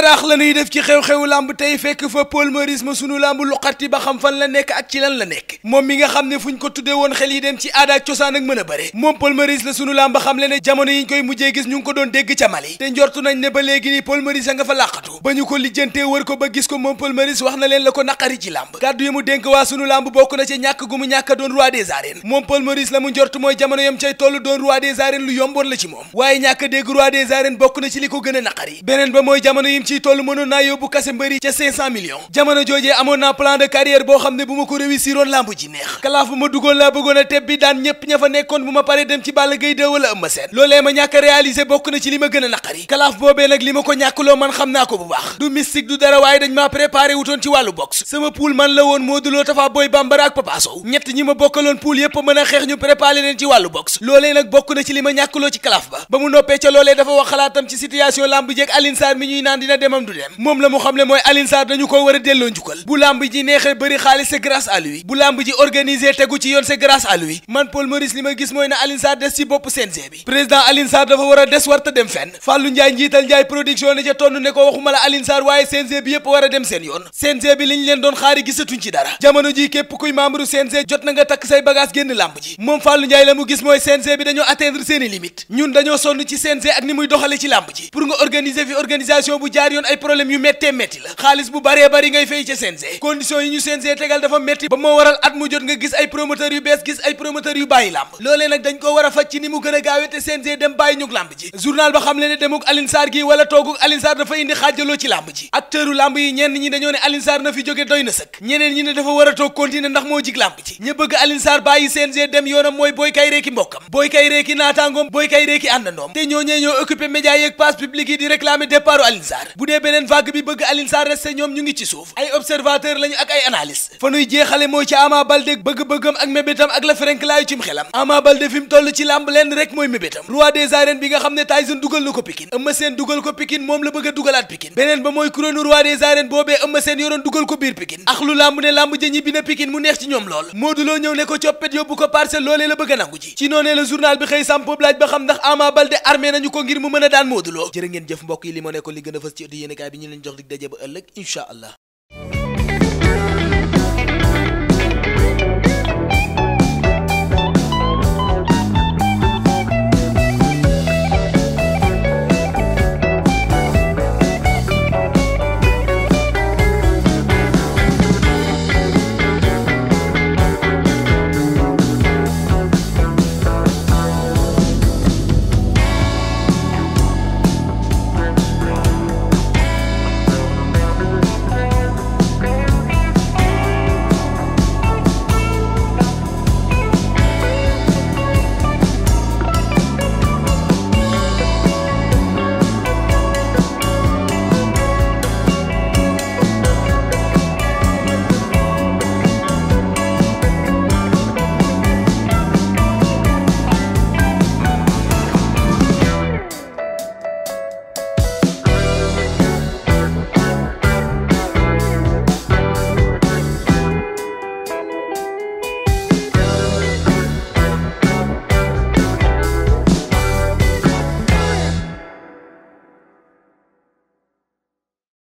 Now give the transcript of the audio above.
saraax la ñuy def ci xew-xewu lamb tey fekk fa Paul Maurice ma sunu lamb lu xatti ba xam fan la nekk ak ci lan la nekk moom mi nga xam ne fu ñu ko tuddee woon xel yi dem ci aada ak cosaan ak mën a bëre moom Paul Maurice la sunu lamb xam le ne jamono yi ñu koy mujjee gis ñu ngi ko doon dégg ca Mali te njortu nañ ne ba léegi ni Paul Maurice a nga fa làqatu ba ñu ko lijjantee wër ko ba gis ko moom Paul Maurice wax na leen la ko naqari ci lamb kàddu yi mu dénk ciy mënoon naa yóbbu kase mbëri ca 500 millions jamono joojee amoon naa plan de carrière boo xam ne bu ma ko réussiroon làmb neex kalaaf bu ma duggoon laa bëggoon teb bi daan ñépp ña fa nekkoon bu ma paree dem ci Balla Gaye 2 wala Eumeu loolee ma ñàkk réaliser bokk na ci li ma gën a naqari kalaaf boobee nag li ma ko ñàkkuloo man xam naa ko bu baax du mystique du dara waaye dañ maa préparé wutoon ci wàllu boxe sama pool man la woon Modou Lo demam du dem moom la mu xam ne mooy Alioune Sarr dañu ko war a delloo njukkal bu lamb ji neexee bëri xaalis c'est grâce à lui bu lamb ji organisé tegu ci yoon c'est grâce à lui man Paul Maurice li ma gis mooy na Alioune des ci bopp CNG bi président Alioune dafa war a des warta dem fenn Fallou Ndiaye njiital Ndiaye production ne ca tonn ne ko waxuma la Alioune Sarr waaye CNG bi yépp war a dem seen yoon CNG bi liñ leen doon xaari gisatuñ ci dara jamono yoon ay problème yu méttee métti la xaalis bu baree bari ngay fay ca CNG condition yi ñu CNG tegal dafa métti ba moo waral at mu jot nga gis ay promoteur yu bees gis ay promoteur yu bàyyi làmb loolee nag dañ ko war a faj ci ni mu gën a gaawee te CNG dem bàyyi ñug làmb ji journal ba xam le ne demuk Alioune gi wala tooguk Alioune dafa indi xaajaloo ci làmb ji acteuru làmb yi ñenn ñi dañoo ne Alioune na fi jóge doy na sëkk ñeneen ñi ne dafa war a toog continuer ndax moo jig làmb ji ña bëgg Alioune Sarr bàyyi CNG dem yoonam mooy booy kay reeki mbokkam booy kay reeki naataangoom booy kay reeki àndandoom te bu dee beneen vague bi bëgg Alioune Sarr resté ñoom ñu ngi ci suuf ay observateur lañu ak ay analyste fa nuy jeexale mooy ci Ama Baldé bëgg-bëggam ak mébétam ak la ferenklaayu cim xelam Ama Baldé fi mu toll ci làmb lenn rek mooy mébétam roi des arènes bi nga xam ne Tyson dugal na ko Pikine Eumeu Sène dugal ko Pikine moom la bëgg a dugalaat Pikine beneen ba mooy kuréelu roi des arènes boobee Eumeu Sène yoroon dugal ko biir Pikine ak làmb ne làmb ja Lo ñëw ko coppet yóbbu ko parcelle loolee a nangu ji a yi li a fës di yéen kaay bi ñu leen jox dig daje ba ëllëg incha allah